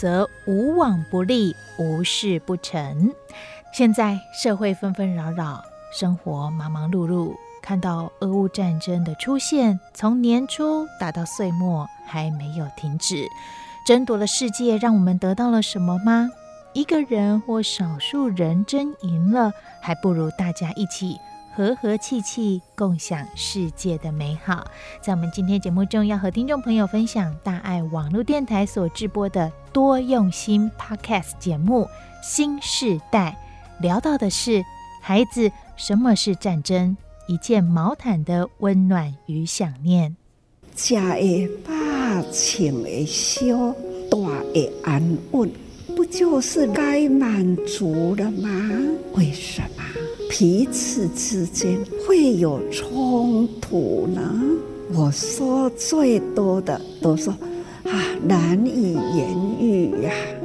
則無往不利，無事不成。現在社會紛紛擾擾，生活忙忙碌碌，看到俄烏戰爭的出現，從年初打到歲末，還沒有停止，爭奪了世界，讓我們得到了什麼嗎？一個人或少數人爭贏了，還不如大家一起。和和氣氣，共享世界的美好。在我們今天節目中，要和聽眾朋友分享大愛網絡電台所制播的朵用心 Podcast 節目《心示代》，聊到的是孩子什麼是戰爭，一件毛毯的溫暖與想念。家的巴情的消，大的安穩，不就是該滿足了嗎？為什麼？彼此之間會有衝突呢？我說最多的都說，啊，難以言喻呀、啊。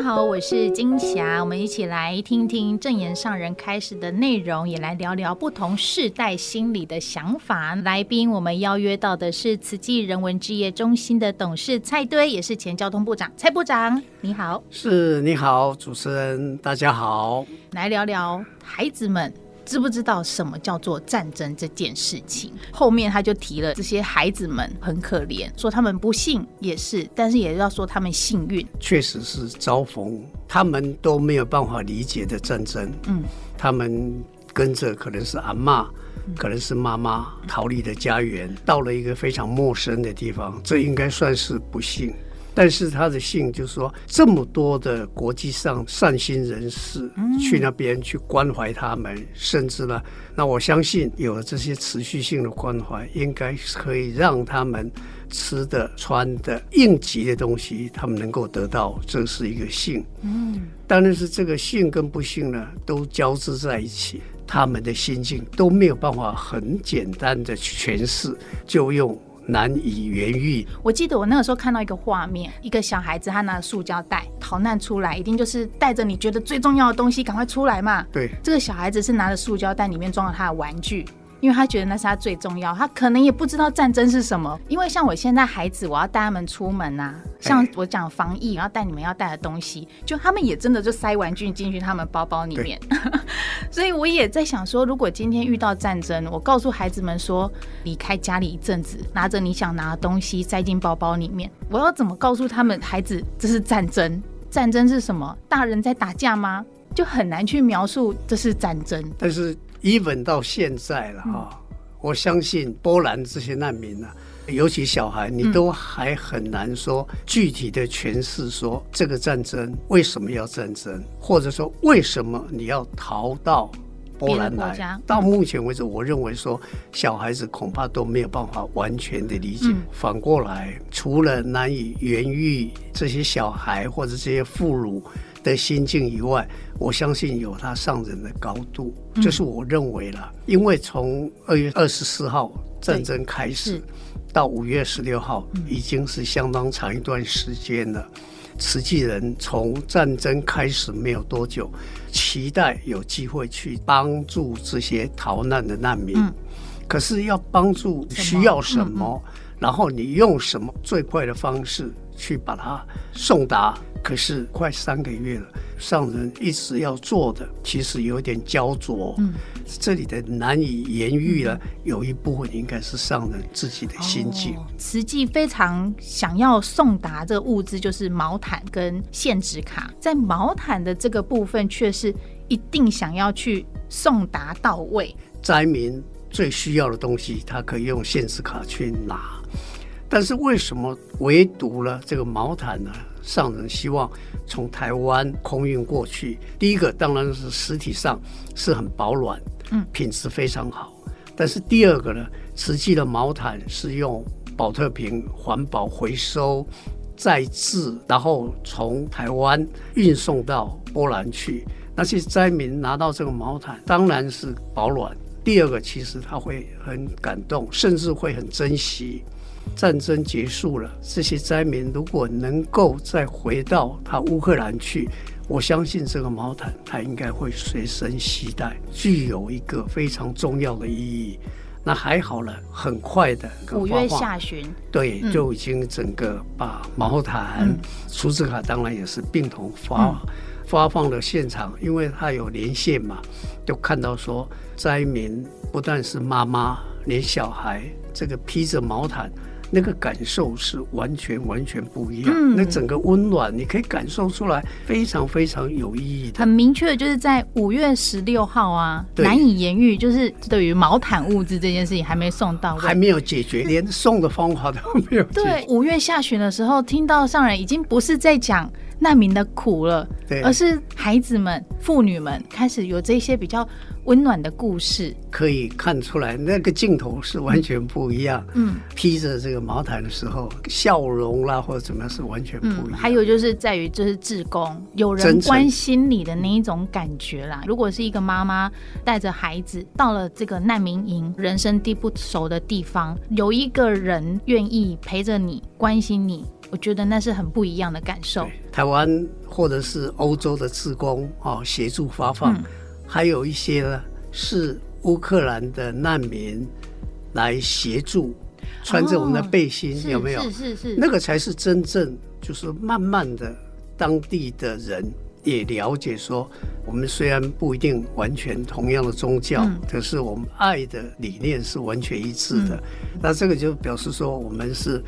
大家好，我是金霞，我們一起來聽聽證嚴上人開示的內容，也來聊聊不同世代心裡的想法。來賓，我們邀約到的是慈濟人文事業中心的董事蔡堆，也是前交通部長蔡部長，你好，是，你好，主持人，大家好，來聊聊孩子們。知不知道什麼叫做戰爭這件事情？後面他就提了這些孩子們很可憐，說他們不幸也是，但是也要說他們幸運。確實是遭逢他們都沒有辦法理解的戰爭。嗯，他們跟着可能是阿媽，可能是媽媽、嗯、逃離的家園，到了一個非常陌生的地方，這應該算是不幸。但是他的幸就是說，這麼多的國際上善心人士去那邊去關懷他們，嗯，甚至呢，那我相信有了這些持續性的關懷，應該可以讓他們吃的、穿的、應急的東西，他們能夠得到，這是一個幸。嗯，當然是這個幸跟不幸呢，都交織在一起，他們的心境都沒有辦法很簡單的去詮釋，就用。難以言喻。我記得我那個時候看到一個畫面，一個小孩子他拿了塑膠袋逃難出來，一定就是帶着你覺得最重要的東西趕快出來嘛。對，這個小孩子是拿着塑膠袋，裡面裝了他的玩具。因為他覺得那是他最重要，他可能也不知道戰爭是什麼。因為像我現在孩子，我要帶他們出門啊，像我講防疫，要帶你們要帶的東西，就他們也真的就塞玩具進去他們包包裡面。 所以我也在想說，如果今天遇到戰爭，我告訴孩子們說，離開家裡一陣子，拿着你想拿的東西塞進包包裡面，我要怎麼告訴他們，孩子，這是戰爭？戰爭是什麼？大人在打架嗎？就很難去描述這是戰爭。但是。even 到現在了，我相信波蘭這些難民呢、啊，尤其小孩，你都還很難說、嗯、具體的詮釋說這個戰爭為什麼要戰爭，或者說為什麼你要逃到波蘭來？到目前為止，我認為說小孩子恐怕都沒有辦法完全的理解。嗯、反過來，除了難以言喻這些小孩或者這些婦孺。的心境以外，我相信有他上人的高度，這、嗯，就是我認為啦。因為從二月二十四號戰爭開始，到五月十六號、嗯，已經是相當長一段時間了。慈濟人從戰爭開始沒有多久，期待有機會去幫助這些逃難的難民。嗯、可是要幫助需要什麼，什麼嗯、嗯，然後你用什麼最快的方式去把它送達。可是快三個月了，上人一直要做的，其實有點焦灼。嗯、這裡的難以言喻了，有一部分應該是上人自己的心境。實、哦、際非常想要送達這個物資，就是毛毯跟限制卡。在毛毯的這個部分，卻是一定想要去送達到位。災民最需要的東西，他可以用限制卡去拿，但是為什麼唯獨呢，這個毛毯呢？上人希望從台灣空運過去。第一個當然是實體上是很保暖，嗯，品質非常好。但是第二個呢，慈濟的毛毯是用寶特瓶環保回收再製，然後從台灣運送到波蘭去。那些災民拿到這個毛毯，當然是保暖。第二個，其實他會很感動，甚至會很珍惜。戰爭結束了，這些災民如果能夠再回到他烏克蘭去，我相信這個毛毯他應該會隨身攜帶，具有一個非常重要的意義。那還好了，很快的花花，五月下旬，對、嗯，就已經整個把毛毯、儲、嗯、值卡當然也是併同發發放的現場，因為它有連線嘛，就看到說災民不但是媽媽，連小孩這個披着毛毯。那個感受是完全完全不一樣，嗯、那整個溫暖你可以感受出來，非常非常有意義的。很明確的就是在五月十六號啊，難以言喻，就是對於毛毯物資這件事情還沒送到，還沒有解決，連送的方法都沒有解決。對，五月下旬的時候，聽到上人已經不是在講。難民的苦了，對啊，而是孩子們、婦女們開始有這些比較溫暖的故事，可以看出來，那個鏡頭是完全不一樣。嗯，披着這個毛毯的時候，笑容啦、啊、或者怎麼樣是完全不一樣。嗯，還有就是在於這是志工有人關心你的那一種感覺啦。如果是一個媽媽帶着孩子到了這個難民營，人生地不熟的地方，有一個人願意陪着你，關心你。我覺得那是很不一樣的感受。台灣或者是歐洲的志工哦，喔、協助發放、嗯，還有一些呢是烏克蘭的難民來協助，穿着我們的背心，哦、有沒有？是是是，是，那個才是真正，就是慢慢的當地的人也了解說，我們雖然不一定完全同樣的宗教、嗯，可是我們愛的理念是完全一致的。嗯、那這個就表示說，我們是。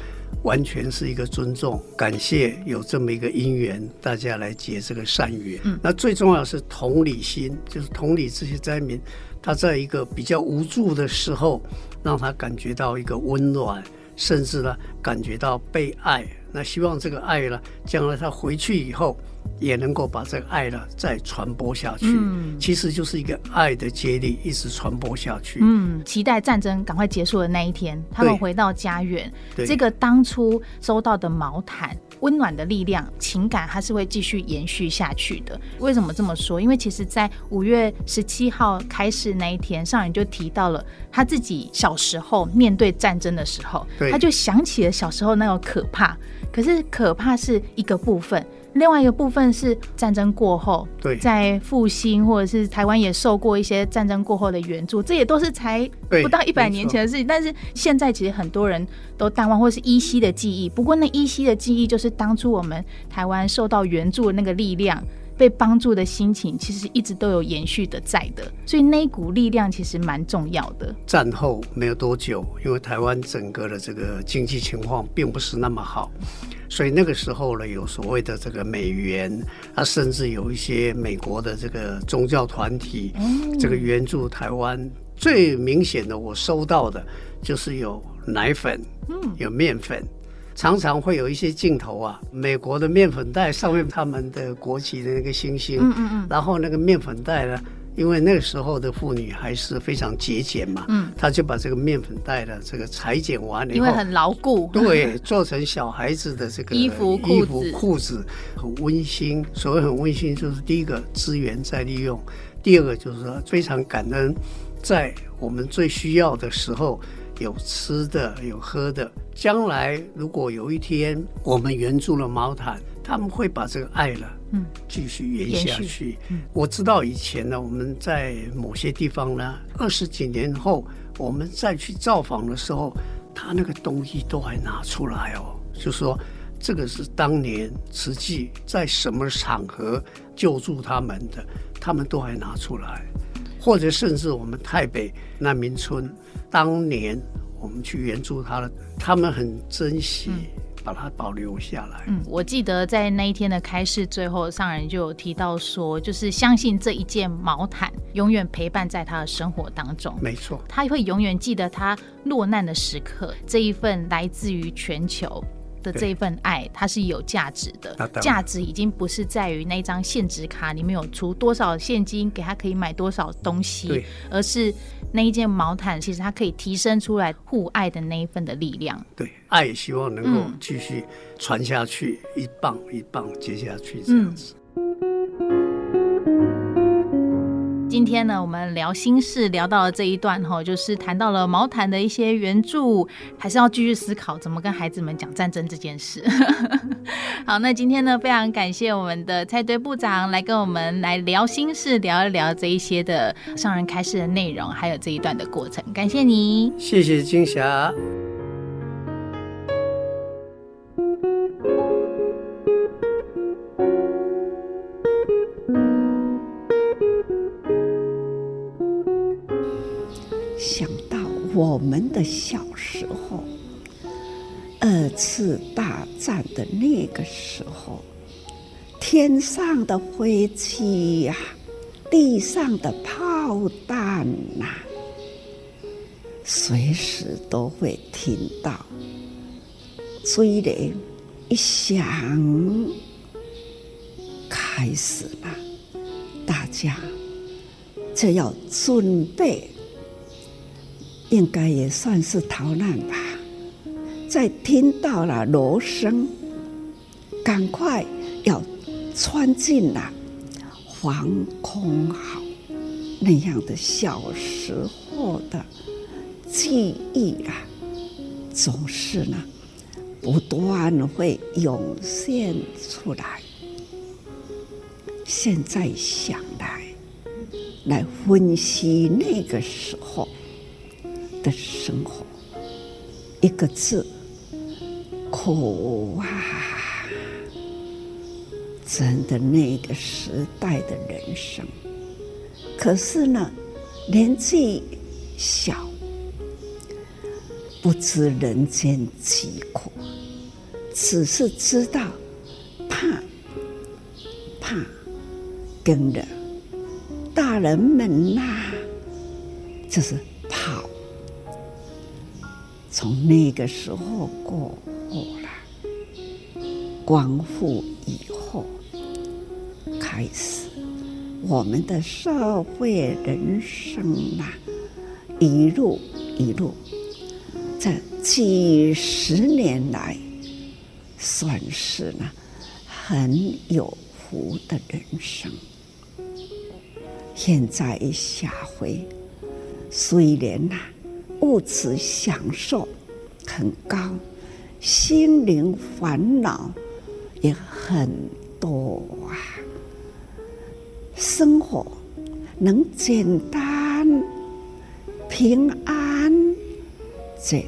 完全是一個尊重，感謝有這麼一個因緣，大家來結這個善緣。嗯。那最重要的是同理心，就是同理這些災民，他在一個比較無助的時候，讓他感覺到一個溫暖，甚至呢感覺到被愛。那希望這個愛呢，將來他回去以後。也能夠把這個愛呢再傳播下去、嗯，其實就是一個愛的接力，一直傳播下去。嗯，期待戰爭趕快結束的那一天，他們回到家園，這個當初收到的毛毯，溫暖的力量、情感，它是會繼續延續下去的。為什麼這麼說？因為其實在五月十七號開始那一天，上人就提到了他自己小時候面對戰爭的時候，他就想起了小時候那種可怕。可是可怕是一個部分。另外一個部分是戰爭過後，對在復興，或者是台灣也受過一些戰爭過後的援助，這也都是才不到一百年前的事情。但是現在其實很多人都淡忘，或是依稀的記憶。不過那依稀的記憶，就是當初我們台灣受到援助的那個力量。被幫助的心情其實一直都有延續的在的，所以那股力量其實蠻重要的。戰後沒有多久，因為台灣整個的這個經濟情況並不是那麼好，所以那個時候呢，有所謂的這個美元，啊，甚至有一些美國的這個宗教團體，嗯，這個援助台灣最明顯的，我收到的就是有奶粉，嗯，有麵粉。常常會有一些鏡頭啊，美國的麵粉袋上面他們的國旗的那個星星，嗯嗯，然後那個麵粉袋呢，因為那個時候的婦女還是非常節儉嘛，嗯，他就把這個麵粉袋的這個裁剪，完了，因為很牢固，對，做成小孩子的這個衣服衣服、褲子，很溫馨。所謂很溫馨，就是第一個資源再利用，第二個就是說非常感恩，在我們最需要的時候。有吃的，有喝的，將來如果有一天我們援助了毛毯，他們會把這個愛了，嗯，繼續延續下去，嗯。我知道以前呢，我們在某些地方呢，二十幾年後我們再去造訪的時候，他那個東西都還拿出來哦，就是，說這個是當年慈濟在什麼場合救助他們的，他們都還拿出來。或者甚至我們台北難民村，當年我們去援助他的，他們很珍惜，把它保留下來。嗯，我記得在那一天的開示最後，上人就有提到說，就是相信這一件毛毯永遠陪伴在他的生活當中。沒錯，他會永遠記得他落難的時刻，這一份來自於全球。的這一份愛，它是有價值的，價值已經不是在於那一張現值卡裡面有出多少現金給他可以買多少東西，而是那一件毛毯，其實它可以提升出來互愛的那一份的力量。對，愛希望能夠繼續傳下去。嗯，一棒一棒接下去這樣子。嗯今天呢，我們聊心事聊到了這一段吼，就是談到了毛毯的一些援助，還是要繼續思考怎麼跟孩子們講戰爭這件事。 好，那今天呢，非常感謝我們的蔡堆部長來跟我們來聊心事，聊一聊這一些的上人開示的內容，還有這一段的過程。感謝你，謝謝金霞。想到我們的小時候，二次大戰的那個時候，天上的飛機呀、啊，地上的炮彈吶、啊，隨時都會聽到。所以呢，一響開始了，大家就要準備。應該也算是逃難吧。在聽到了鑼聲，趕快要穿進了、啊、防空壕。那樣的小時候的記憶啊，總是呢，不斷會湧現出來。現在想來，來分析那個時候。的生活，一個字苦啊！真的，那個時代的人生。可是呢，年紀小，不知人間疾苦，只是知道怕怕，跟着大人們呐、啊，就是跑。從那個時候過後了，光復以後開始，我們的社會人生吶，一路一路，這幾十年來，算是呢，很有福的人生。現在下回，雖然吶。物質享受很高，心靈煩惱也很多啊。生活能簡單、平安，這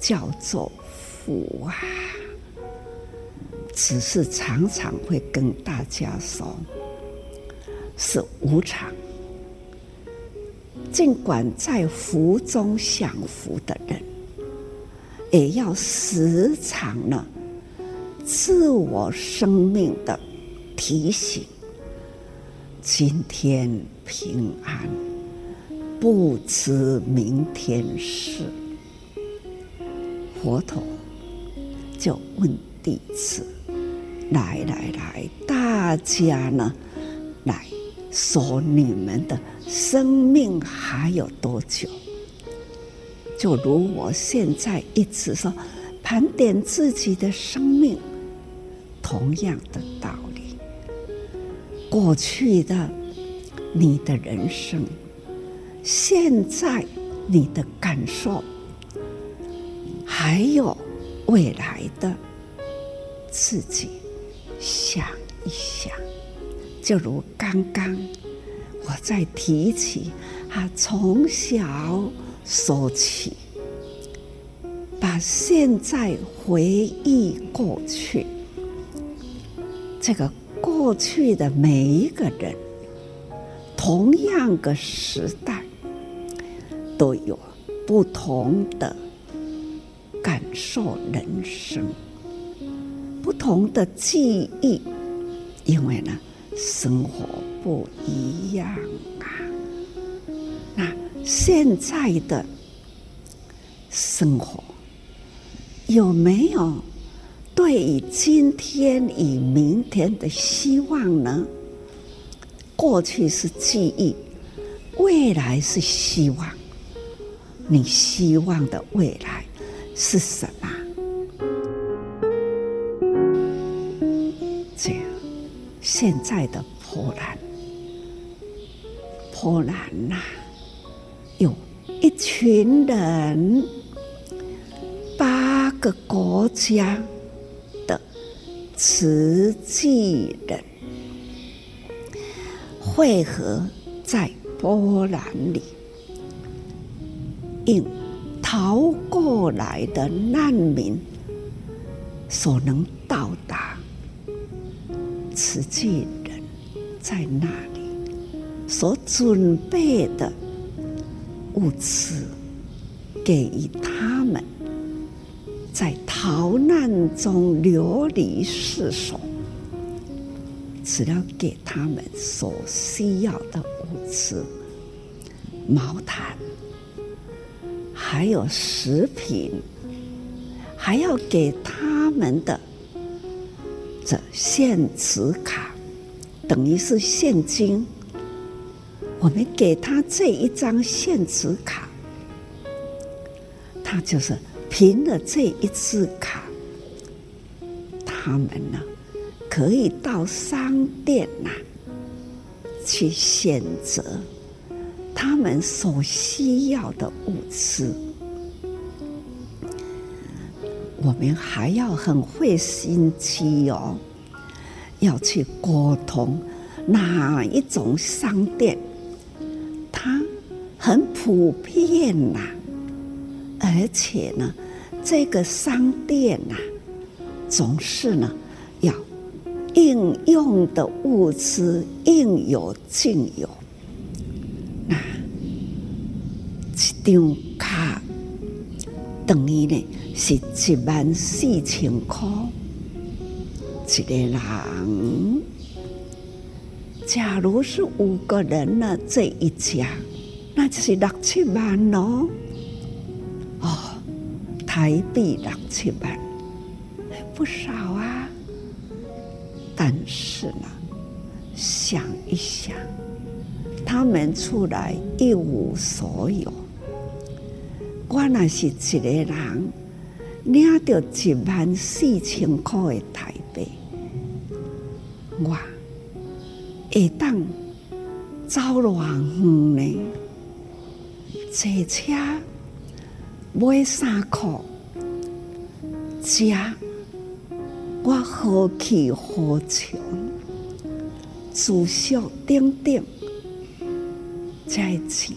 叫做福啊。只是常常會跟大家說，是無常。儘管在福中享福的人，也要時常呢自我生命的提醒：今天平安，不知明天事。佛陀就問弟子：“來來來，大家呢？”說你們的生命還有多久？就如我現在一直說盤點自己的生命，同樣的道理。過去的你的人生，現在你的感受，還有未來的自己，想一想。就如剛剛我在提起啊，從小說起，把現在回憶過去，這個過去的每一個人，同樣個時代，都有不同的感受人生，不同的記憶。生活不一樣啊。那現在的生活，有沒有對於今天與明天的希望呢？過去是記憶，未來是希望。你希望的未來是什麼？現在的波蘭，波蘭吶、啊，有一群人，八個國家的慈濟人匯合在波蘭裡，因逃過來的難民所能到達。實際人在那裡所準備的物資，給他們在逃難中流離失所，只要給他們所需要的物資、毛毯，還有食品，還要給他們的。的現值卡，等於是現金。我們給他這一張現值卡，他就是憑了這一支卡，他們呢可以到商店吶、啊、去選擇他們所需要的物資。我們還要很會心機哦。要去溝通哪一種商店，它很普遍吶、啊，而且呢，這個商店吶、啊，總是呢要應用的物資應有盡有。那一張卡等於呢是一萬四千塊。一個人，假如是五個人呢？這一家，那就是六七萬呢、哦。哦，台幣六七萬，不少啊。但是呢，想一想，他們出來一無所有，我若是一個人，領到一萬四千塊的台。我會當走偌遠呢？坐車買衫褲、食，我何去何從，住宿等等，這一切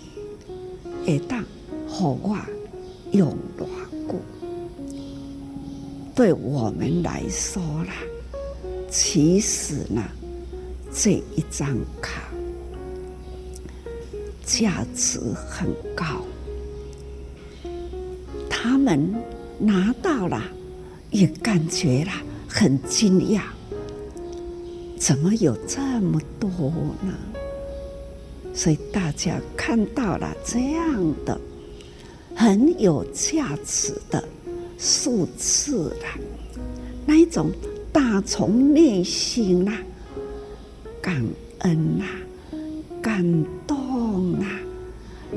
會當互我用偌久，對我們來說啦。其實呢，這一張卡價值很高，他們拿到了也感覺了很驚訝，怎麼有這麼多呢？所以大家看到了這樣的很有價值的數字啊，那一種。大從內心吶、啊，感恩吶、啊，感動吶、啊，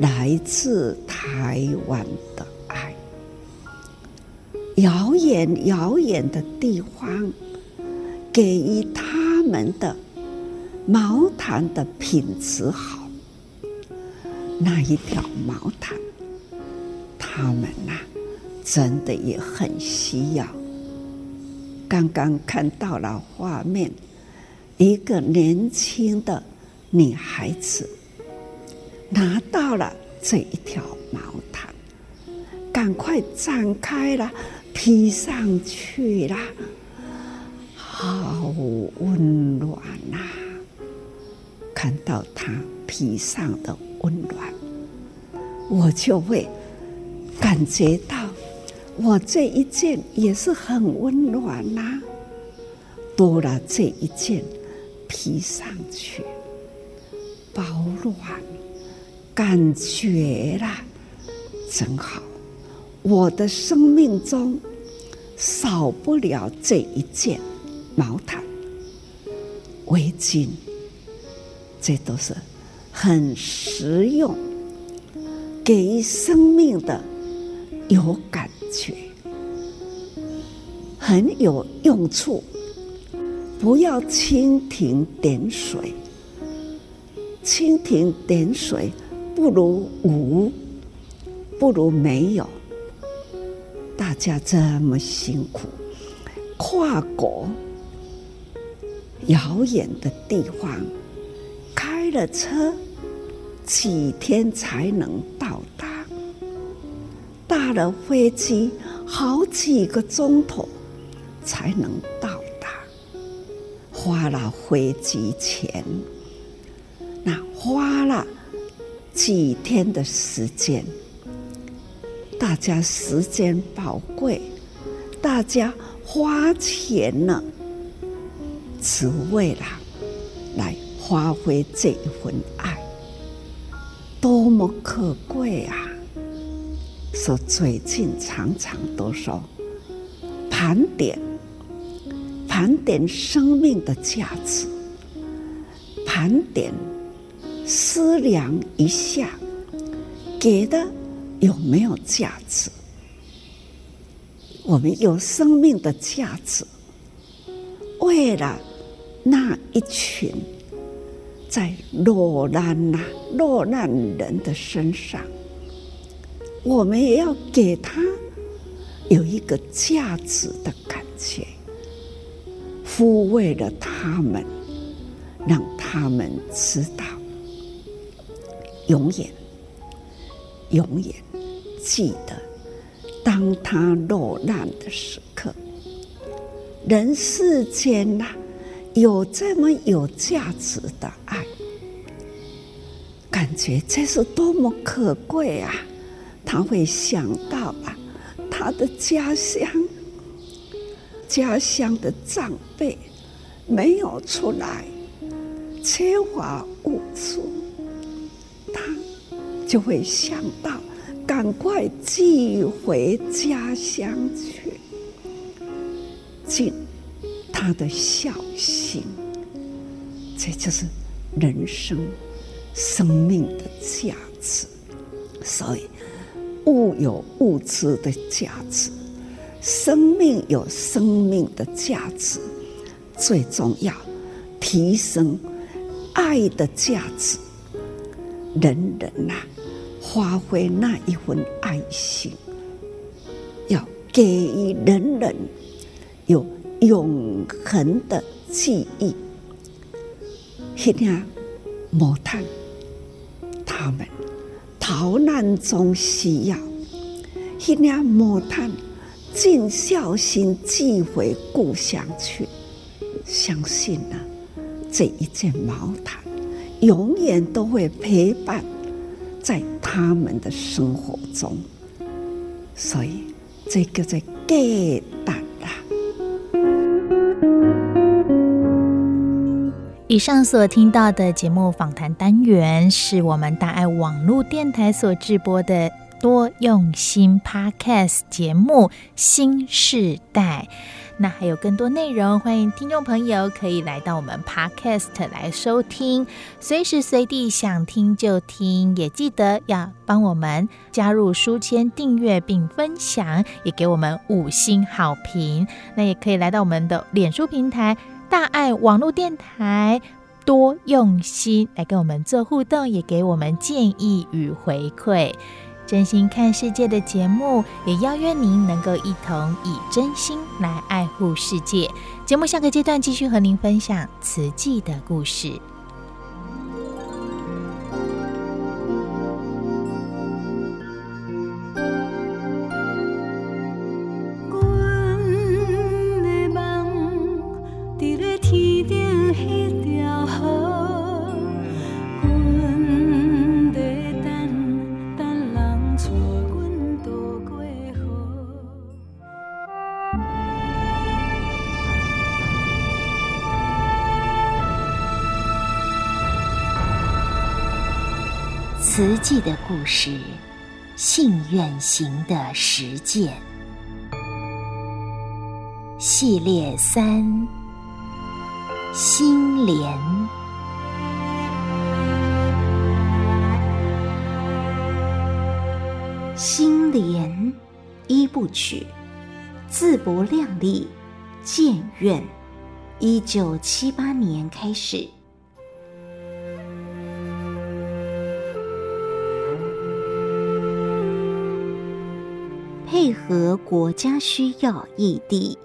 來自台灣的愛，遙遠遙遠的地方，給予他們的毛毯的品質好，那一條毛毯，他們吶、啊，真的也很需要。剛剛看到了畫面，一個年輕的女孩子拿到了這一條毛毯，趕快展開了，披上去啦，好溫暖啊！看到她披上的溫暖，我就會感覺到。我這一件也是很溫暖吶、啊，多了這一件披上去保暖，感覺啦真好。我的生命中少不了這一件毛毯、圍巾，這都是很實用、給予生命的有感。去很有用處，不要蜻蜓點水。蜻蜓點水不如無，不如沒有。大家這麼辛苦，跨國遙遠的地方，開了車幾天才能到達。的飛機好幾個鐘頭才能到達，花了飛機錢，那花了幾天的時間，大家時間寶貴，大家花錢了，只為了來發揮這一份愛，多麼可貴啊！說最近常常都說，盤點，盤點生命的價值，盤點，思量一下，給的有沒有價值？我們有生命的價值，為了那一群在落難吶、啊、落難人的身上，我們也要給他有一個價值的感覺，撫慰了他們，讓他們知道，永遠、永遠記得，當他落難的時刻，人世間吶、啊，有這麼有價值的愛，感覺這是多麼可貴啊！他會想到啊，他的家鄉，家鄉的長輩沒有出來，缺乏物資，他就會想到趕快寄回家鄉去，盡他的孝心。這就是人生生命的價值，所以。物有物質的價值，生命有生命的價值，最重要提升愛的價值。人人吶、啊，發揮那一份愛心，要給予人人有永恆的記憶，一定要膜嘆他們。逃難中需要，一輛毛毯盡孝心寄回故鄉去。相信呢、啊，這一件毛毯永遠都會陪伴在他們的生活中。所以，這個在蓋蛋啦、啊。以上所聽到的節目訪談單元，是我們大愛網絡電臺所製播的朵用心 Podcast 節目心示代。那還有更多內容，歡迎聽眾朋友可以來到我們 Podcast 來收聽，隨時隨地想聽就聽。也記得要幫我們加入書籤、訂閱並分享，也給我們五星好評。那也可以來到我們的臉書平台。大愛網絡電台多用心，來跟我們做互動，也給我們建議與回饋。真心看世界的節目，也邀約您能夠一同以真心來愛護世界。節目下個階段繼續和您分享慈濟的故事。是信願行的實踐系列三：心蓮。心蓮一部曲，自不量力，建願，一九七八年開始。和國家需要異地。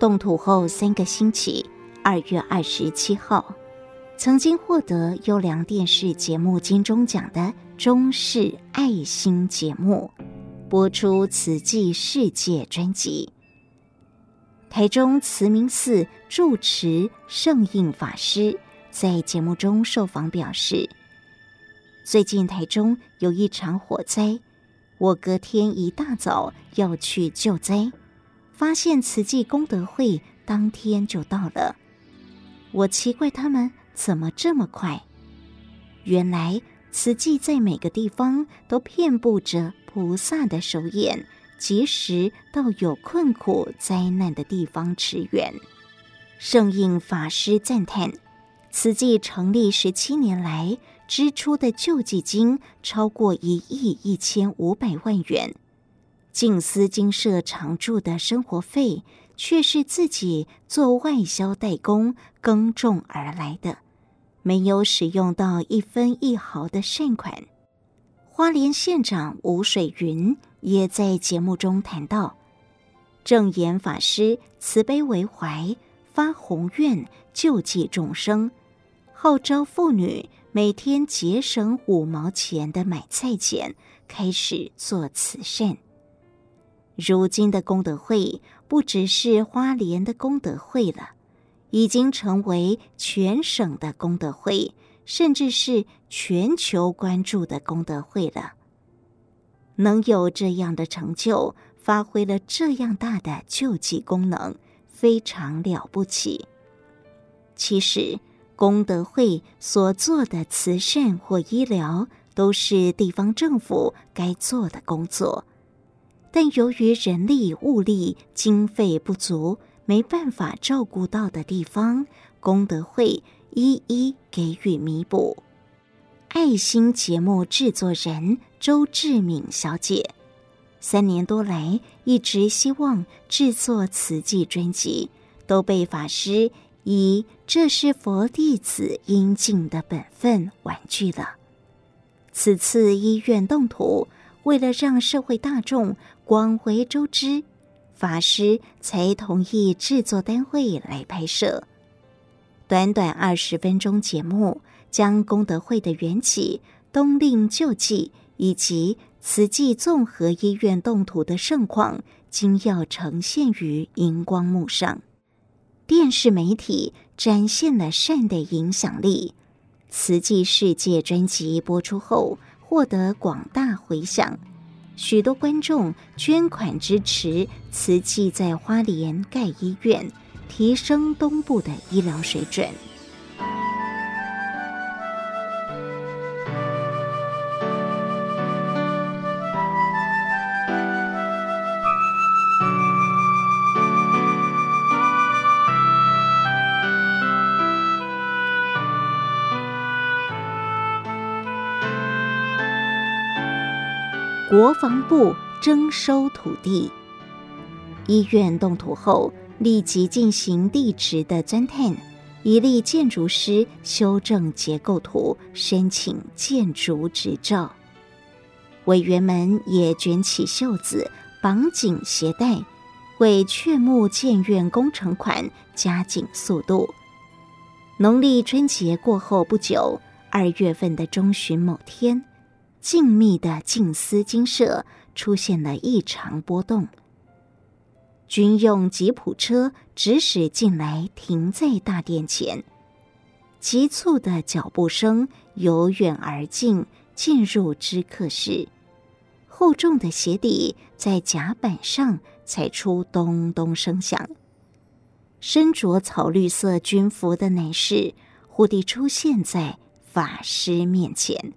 動土後三個星期，二月二十七號，曾經獲得優良電視節目金鐘獎的中視愛心節目播出《慈濟世界》專輯。台中慈明寺住持聖印法師在節目中受訪表示，最近台中有一場火災。我隔天一大早要去救災，發現慈濟功德會當天就到了。我奇怪他們怎麼這麼快？原來慈濟在每個地方都遍布着菩薩的手眼，及時到有困苦災難的地方馳援。聖印法師讚歎：慈濟成立十七年來。支出的救濟金超過一億一千五百萬元，靜思精舍常住的生活費卻是自己做外銷代工、耕種而來的，沒有使用到一分一毫的善款。花蓮縣長吳水雲也在節目中談到：證嚴法師慈悲為懷，發宏願救濟眾生，號召婦女。每天節省五毛錢的買菜錢，開始做慈善。如今的功德會不只是花蓮的功德會了，已經成為全省的功德會，甚至是全球關注的功德會了。能有這樣的成就，發揮了這樣大的救濟功能，非常了不起。其實，功德會所做的慈善或醫療，都是地方政府該做的工作，但由於人力、物力、經費不足，沒辦法照顧到的地方，功德會一一給予彌補。愛心節目製作人周志敏小姐，三年多來一直希望製作慈濟專輯，都被法師以。這是佛弟子應盡的本分，婉拒了。此次醫院動土，為了讓社會大眾廣為周知，法師才同意製作單位來拍攝。短短二十分鐘節目，將功德會的緣起、冬令救濟以及慈濟綜合醫院動土的盛況，精要呈現於熒光幕上。電視媒體。展現了善的影響力。慈濟世界專輯播出後，獲得廣大回響，許多觀眾捐款支持慈濟在花蓮蓋醫院，提升東部的醫療水準。國防部徵收土地，醫院動土後立即進行地質的鑽探，一立建築師修正結構圖，申請建築執照。委員們也捲起袖子，綁緊鞋帶，為雀木建院工程款加緊速度。農曆春節過後不久，二月份的中旬某天。靜謐的靜思精舍出現了異常波動。軍用吉普車直駛進來，停在大殿前。急促的腳步聲由遠而近，進入知客室。厚重的鞋底在甲板上踩出咚咚聲響。身着草綠色軍服的男士忽地出現在法師面前。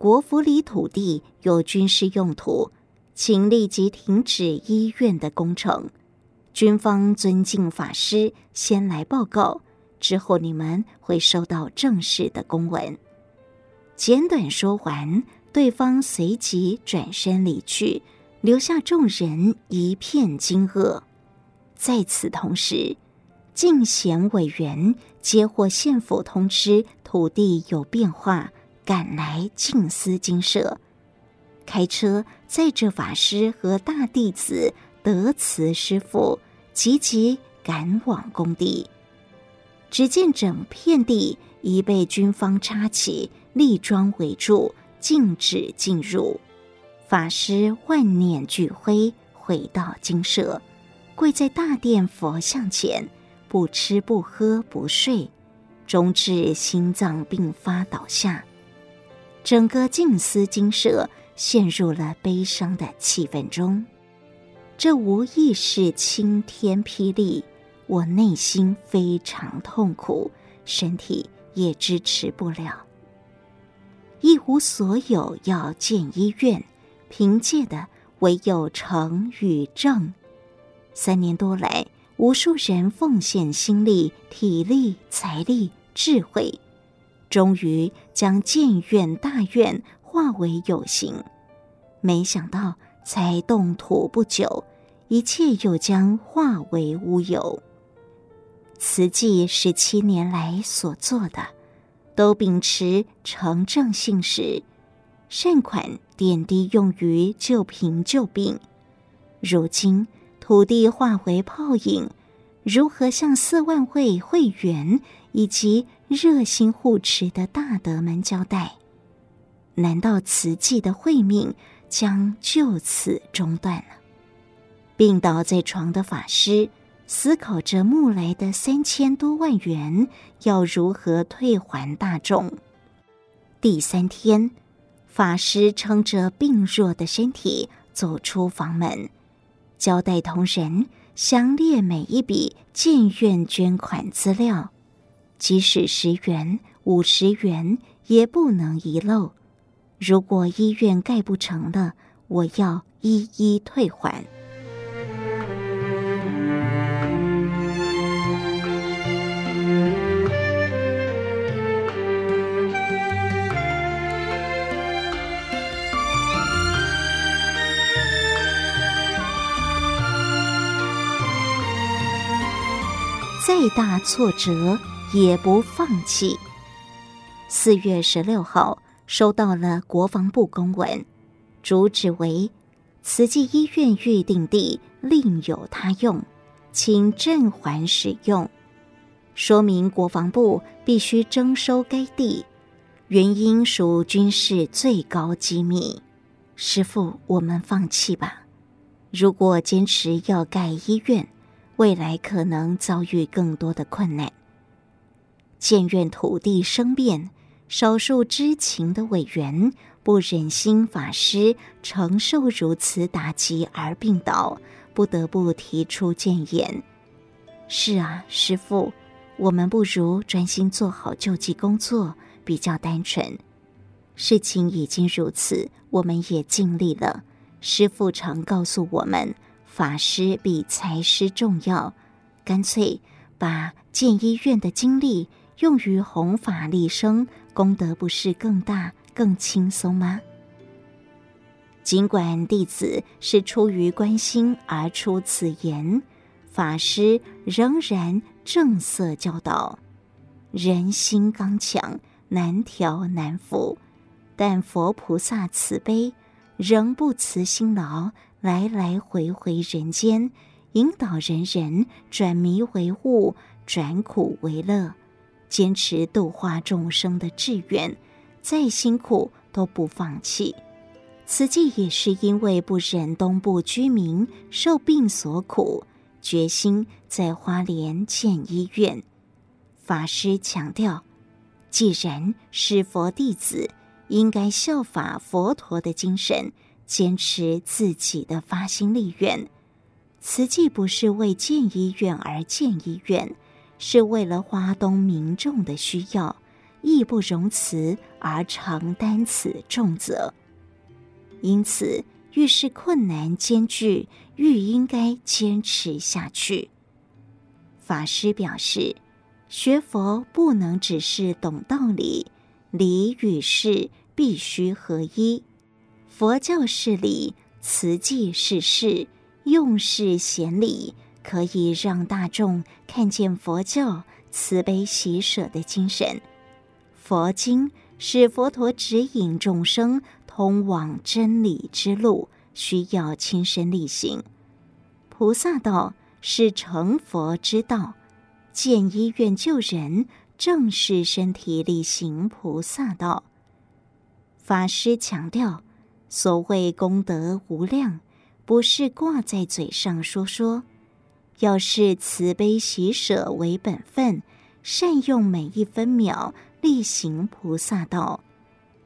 國府里土地有軍事用途，請立即停止醫院的工程。軍方尊敬法師，先來報告，之後你們會收到正式的公文。簡短說完，對方隨即轉身離去，留下眾人一片驚愕。在此同時，競選委員接獲縣府通知，土地有變化。趕來靜思精舍，開車載着法師和大弟子德慈師父，急急趕往工地。只見整片地已被軍方插起立樁圍住，禁止進入。法師萬念俱灰，回到精舍，跪在大殿佛像前，不吃不喝不睡，終至心臟病發倒下。整個靜思精舍陷入了悲傷的氣氛中，這無疑是晴天霹靂。我內心非常痛苦，身體也支持不了。一無所有要建醫院，憑借的唯有誠與正。三年多來，無數人奉獻心力、體力、財力、智慧，終於，將建院大院化為有形，沒想到才動土不久，一切又將化為烏有。慈濟十七年來所做的，都秉持誠正信實，善款點滴用於救貧救病。如今土地化為泡影，如何向四萬位會員以及熱心護持的大德們交代：“難道慈濟的慧命將就此中斷了？”病倒在床的法師思考着，募來的三千多萬元要如何退還大眾。第三天，法師撐着病弱的身體走出房門，交代同仁詳列每一筆建院捐款資料。即使十元、五十元也不能遺漏。如果醫院蓋不成了，我要一一退還。最大挫折，也不放棄。四月十六號，收到了國防部公文，主旨為：慈濟醫院預定地另有他用，請暫緩使用。說明國防部必須徵收該地，原因屬軍事最高機密。師父，我們放棄吧。如果堅持要蓋醫院，未來可能遭遇更多的困難。建院土地生變，少數知情的委員不忍心法師承受如此打擊而病倒，不得不提出建言。是啊，師父，我們不如專心做好救濟工作，比較單純。事情已經如此，我們也盡力了。師父常告訴我們，法施比財施重要。乾脆把建醫院的精力。用於弘法利生功德，不是更大、更輕鬆嗎？儘管弟子是出於關心而出此言，法師仍然正色教導：人心剛強，難調難服，但佛菩薩慈悲，仍不辭辛勞，來來回回人間，引導人人轉迷為悟，轉苦為樂。堅持度化眾生的志願，再辛苦都不放棄。慈濟也是因為不忍東部居民受病所苦，決心在花蓮建醫院。法師強調，既然是佛弟子，應該效法佛陀的精神，堅持自己的發心利願。慈濟不是為建醫院而建醫院。是為了花東民眾的需要，義不容辭而承擔此重責。因此，愈是困難艱鉅，愈應該堅持下去。法師表示，學佛不能只是懂道理，理與事必須合一。佛教是理，慈濟是事，用事顯理。可以讓大眾看見佛教慈悲喜舍的精神。佛經是佛陀指引眾生通往真理之路，需要親身力行。菩薩道是成佛之道，建醫院救人，正是身體力行菩薩道。法師強調，所謂功德無量，不是掛在嘴上說說。要視慈悲喜捨為本分，善用每一分秒，力行菩薩道。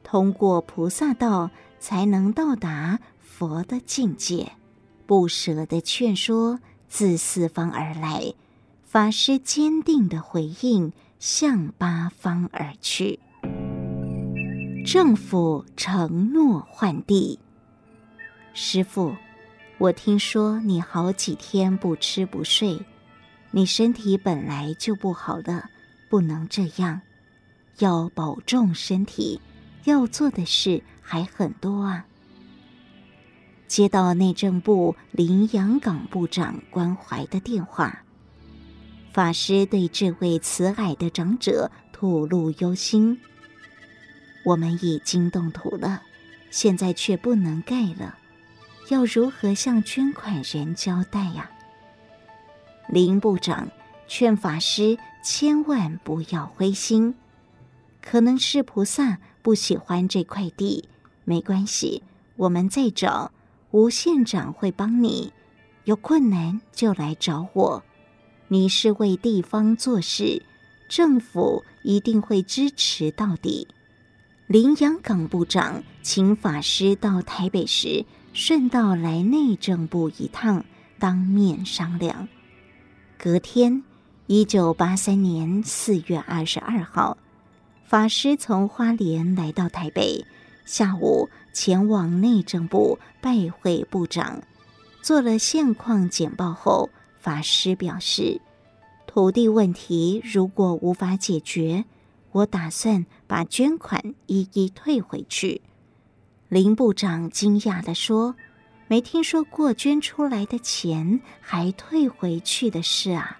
通過菩薩道，才能到達佛的境界。不捨的勸說自四方而來，法師堅定的回應向八方而去。政府承諾換地，師父。我聽說你好幾天不吃不睡，你身體本來就不好了，不能這樣，要保重身體。要做的事還很多啊。接到內政部林洋港部長關懷的電話，法師對這位慈藹的長者吐露憂心：我們已經動土了，現在卻不能蓋了。要如何向捐款人交代呀、啊？林部長勸法師千萬不要灰心，可能是菩薩不喜歡這塊地，沒關係，我們再找吳縣長會幫你。有困難就來找我，你是為地方做事，政府一定會支持到底。林洋港部長請法師到台北時，順道來內政部一趟，當面商量。隔天，一九八三年四月二十二號，法師從花蓮來到台北，下午前往內政部拜會部長，做了現況簡報後，法師表示：土地問題如果無法解決，我打算把捐款一一退回去。林部長驚訝的說：“沒聽說過捐出來的錢還退回去的事啊！”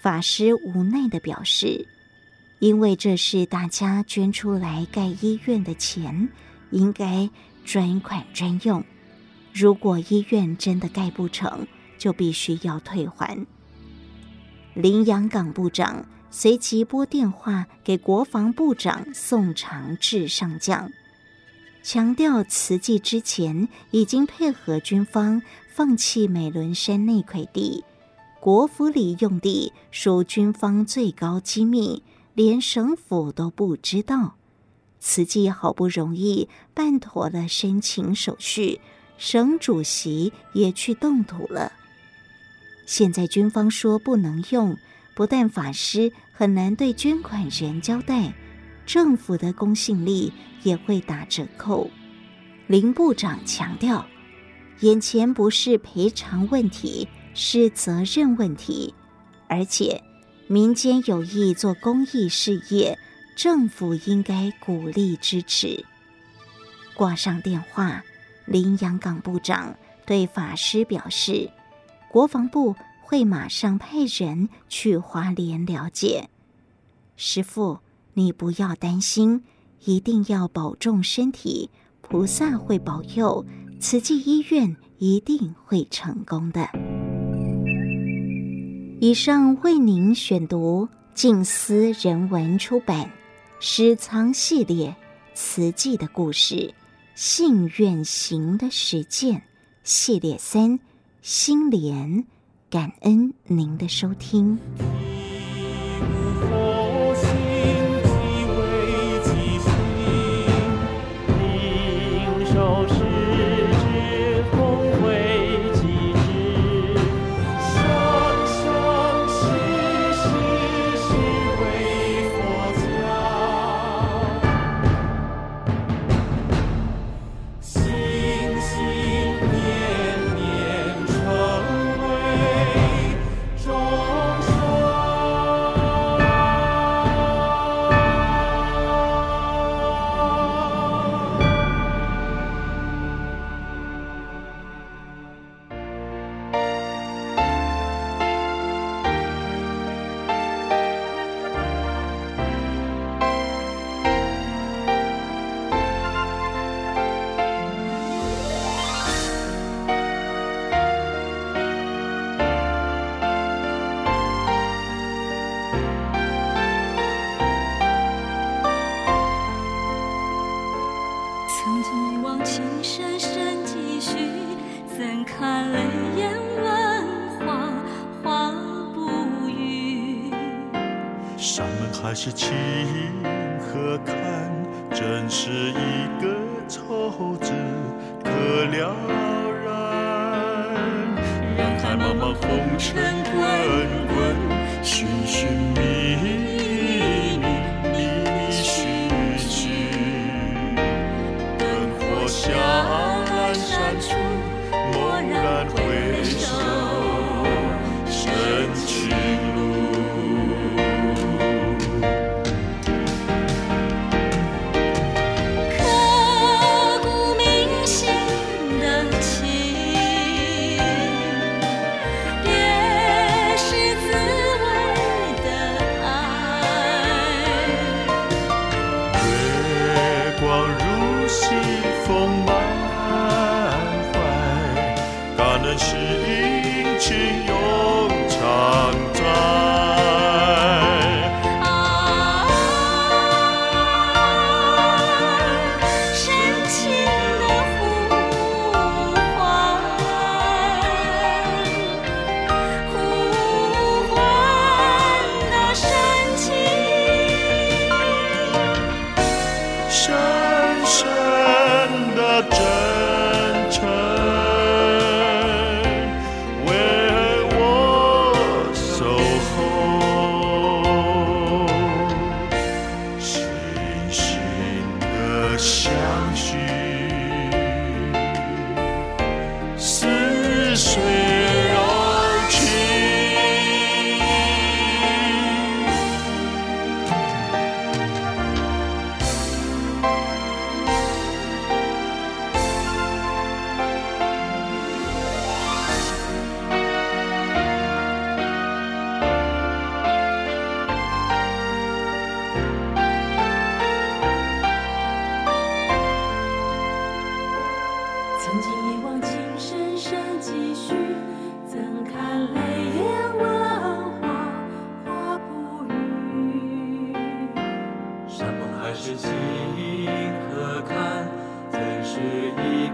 法師無奈的表示：“因為這是大家捐出來蓋醫院的錢，應該專款專用。如果醫院真的蓋不成，就必須要退還。”林洋港部長隨即撥電話給國防部長宋長志上將。強調慈濟之前已經配合軍方放棄美崙山那塊地，國府裡用地屬軍方最高機密，連省府都不知道。慈濟好不容易辦妥了申請手續，省主席也去動土了。現在軍方說不能用，不但法師很難對捐款人交代。政府的公信力也會打折扣。林部長強調，眼前不是賠償問題，是責任問題。而且，民間有意做公益事業，政府應該鼓勵支持。掛上電話，林洋港部長對法師表示，國防部會馬上派人去花蓮了解。師父。你不要擔心，一定要保重身體，菩薩會保佑，慈濟醫院一定會成功的。以上為您選讀《靜思人文出版·詩倉系列·慈濟的故事·信願行的實踐》系列三《心蓮》感恩您的收聽。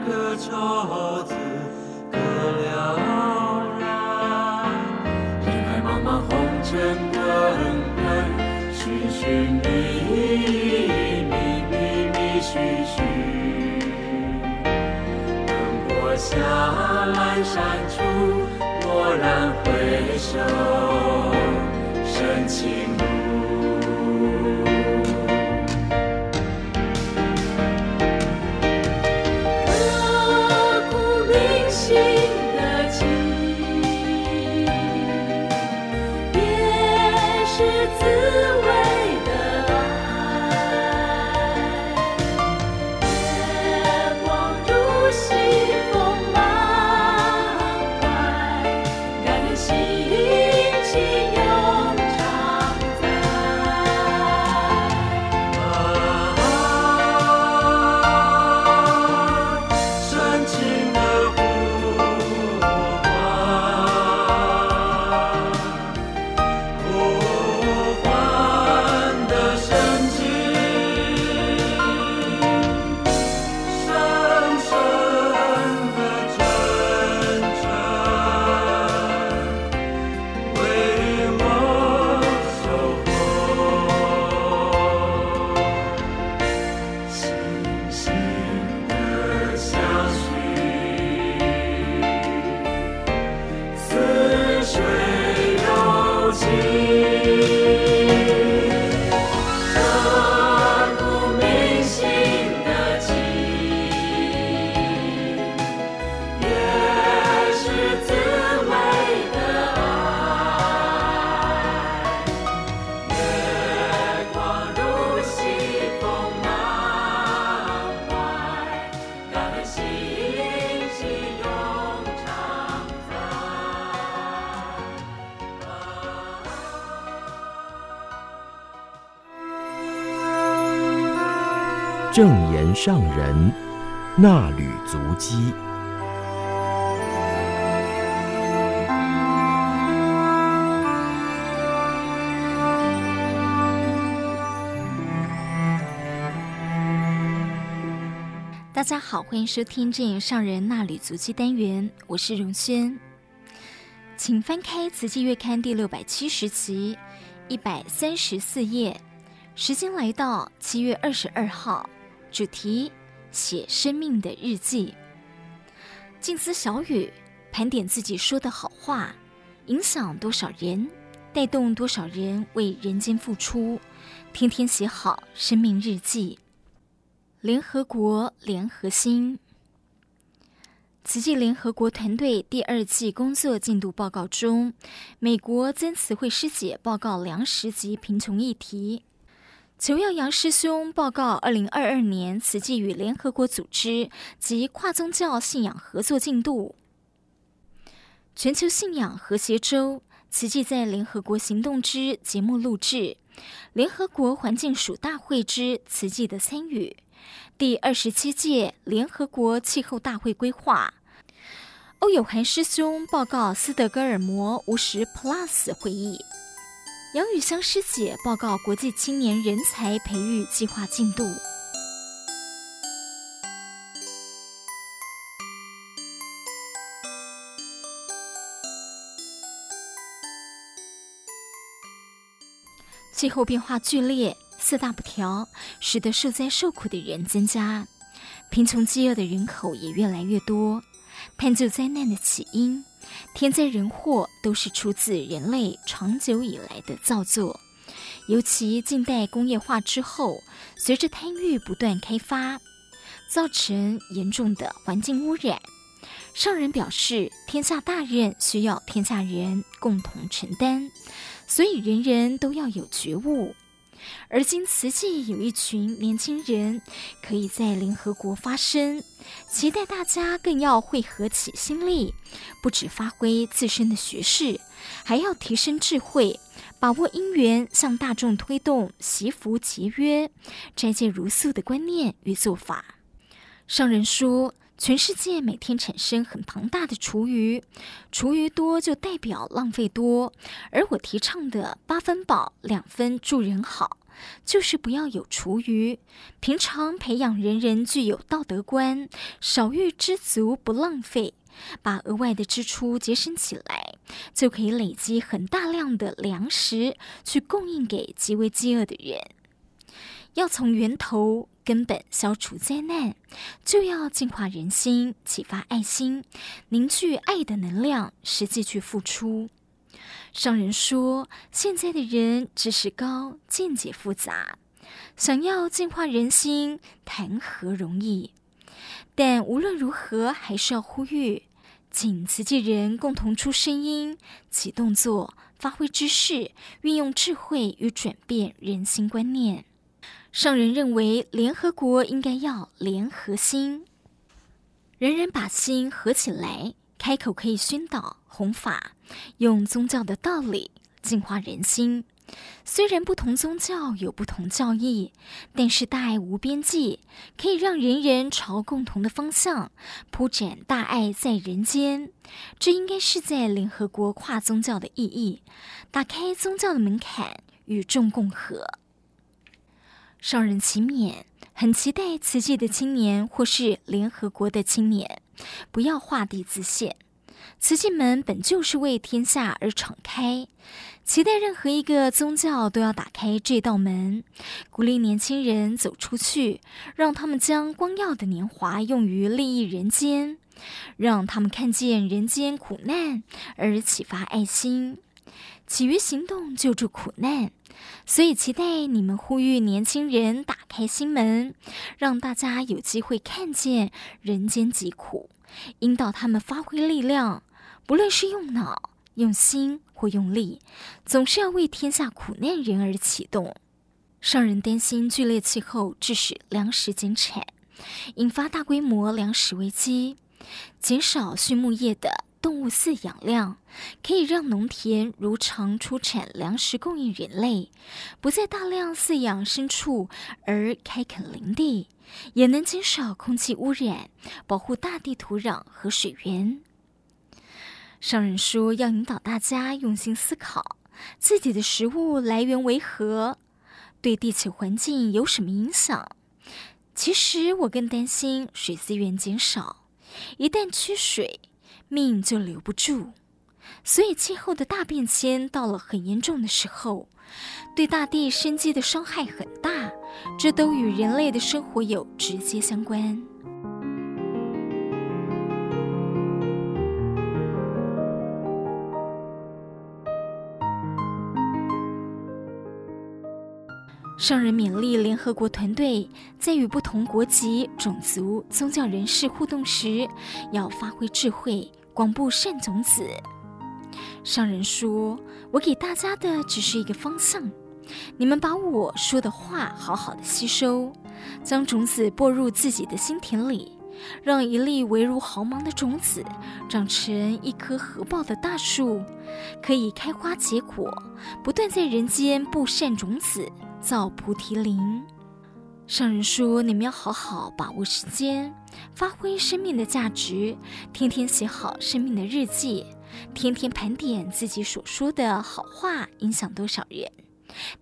個愁字，隔 了然。人海茫茫，紅塵滾滾，尋尋覓覓，覓覓尋尋。燈火下闌珊處，驀然回首，深情。證嚴上人衲履足跡。大家好，歡迎收聽證嚴上人衲履足跡單元，我是榮軒。請翻開《慈濟月刊》第六百七十期，一百三十四頁。時間來到七月二十二號。主題：寫生命的日記。靜思小語盤點自己說的好話，影響多少人，帶動多少人為人間付出。天天寫好生命日記。聯合國聯合心，慈濟聯合國團隊第二季工作進度報告中，美國曾慈慧師姐報告糧食及貧窮議題。求耀揚師兄報告：二零二二年慈濟與聯合國組織及跨宗教信仰合作進度。全球信仰和諧周，慈濟在聯合國行動之節目錄製，聯合國環境署大會之慈濟的參與，第二十七屆聯合國氣候大會規劃。歐友涵師兄報告：斯德哥爾摩五十 Plus 會議。楊雨香師姐報告，國際青年人才培育計劃進度。氣候變化劇烈，四大不調，使得受災受苦的人增加，貧窮飢餓的人口也越來越多。探究災難的起因，天災人禍都是出自人類長久以來的造作，尤其近代工業化之後，隨着貪欲不斷開發，造成嚴重的環境污染。上人表示，天下大任需要天下人共同承擔，所以人人都要有覺悟。而今慈濟有一群年輕人，可以在聯合國發聲，期待大家更要會合起心力，不止發揮自身的學識，還要提升智慧，把握因緣，向大眾推動惜福節約、齋戒茹素的觀念與做法。上人說。全世界每天產生很龐大的廚餘，廚餘多就代表浪費多。而我提倡的八分飽、兩分助人好，就是不要有廚餘。平常培養人人具有道德觀，少欲知足，不浪費，把額外的支出節省起來，就可以累積很大量的糧食去供應給極為飢餓的人。要從源頭根本消除災難，就要淨化人心，啟發愛心，凝聚愛的能量，實際去付出。上人說：“現在的人知識高，見解複雜，想要淨化人心，談何容易？但無論如何，還是要呼籲，請慈濟人共同出聲音，起動作，發揮知識，運用智慧，與轉變人心觀念。”上人認為，聯合國應該要聯合心，人人把心合起來，開口可以宣導弘法，用宗教的道理淨化人心。雖然不同宗教有不同教義，但是大愛無邊際，可以讓人人朝共同的方向鋪展大愛在人間。這應該是在聯合國跨宗教的意義，打開宗教的門檻，與眾共和。上人勤勉，很期待慈濟的青年或是聯合國的青年，不要畫地自限。慈濟門本就是為天下而敞開，期待任何一個宗教都要打開這道門，鼓勵年輕人走出去，讓他們將光耀的年華用於利益人間，讓他們看見人間苦難而啟發愛心。起於行動，救助苦難，所以期待你們呼籲年輕人打開心門，讓大家有機會看見人間疾苦，引導他們發揮力量，不論是用腦、用心或用力，總是要為天下苦難人而啟動。上人擔心劇烈氣候致使糧食減產，引發大規模糧食危機，減少畜牧業的。動物飼養量可以讓農田如常出產糧食供應人類，不再大量飼養牲畜而開墾林地，也能減少空氣汙染，保護大地土壤和水源。上人說要引導大家用心思考自己的食物來源為何，對地球環境有什麼影響。其實我更擔心水資源減少，一旦缺水。命就留不住，所以氣候的大變遷到了很嚴重的時候，對大地生機的傷害很大，這都與人類的生活有直接相關。上人勉勵聯合國團隊，在與不同國籍、種族、宗教人士互動時，要發揮智慧，廣布善種子。上人說：“我給大家的只是一個方向，你們把我說的話好好的吸收，將種子播入自己的心田裡，讓一粒微如毫芒的種子，長成一棵合抱的大樹，可以開花結果，不斷在人間布善種子。”造菩提林，上人說：“你們要好好把握時間，發揮生命的價值，天天寫好生命的日記，天天盤點自己所說的好話，影響多少人，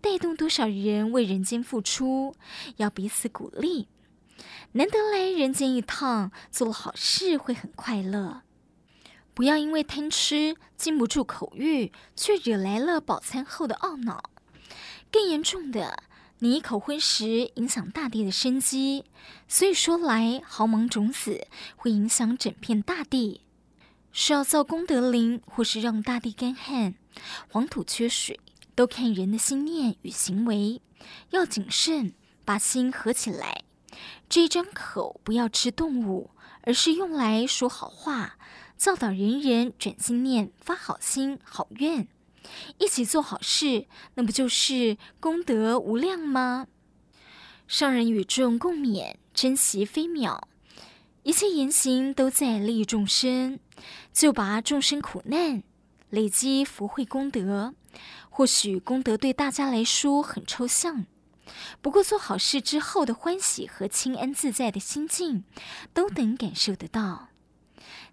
帶動多少人為人間付出。要彼此鼓勵，難得來人間一趟，做了好事會很快樂。不要因為貪吃，禁不住口欲，卻惹來了飽餐後的懊惱。”更嚴重的，你一口葷食影響大地的生機，所以說來，毫芒種子會影響整片大地。是要造功德林，或是讓大地乾旱、黃土缺水，都看人的心念與行為，要謹慎，把心合起來。這一張口不要吃動物，而是用來說好話，教導人人轉心念，發好心、好願。一起做好事，那不就是功德無量嗎？上人與眾共勉，珍惜飛秒，一切言行都在利益眾生，就拔眾生苦難累積福慧功德。或許功德對大家來說很抽象，不過做好事之後的歡喜和輕安自在的心境，都能感受得到。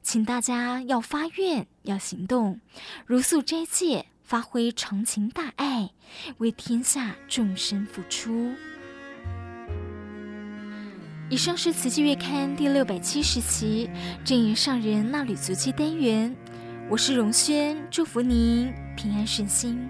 請大家要發願，要行動，茹素齋戒。發揮長情大愛，為天下眾生付出。以上是《慈濟月刊》第六百七十期“證嚴上人衲履足跡”單元，我是榮軒，祝福您平安順心。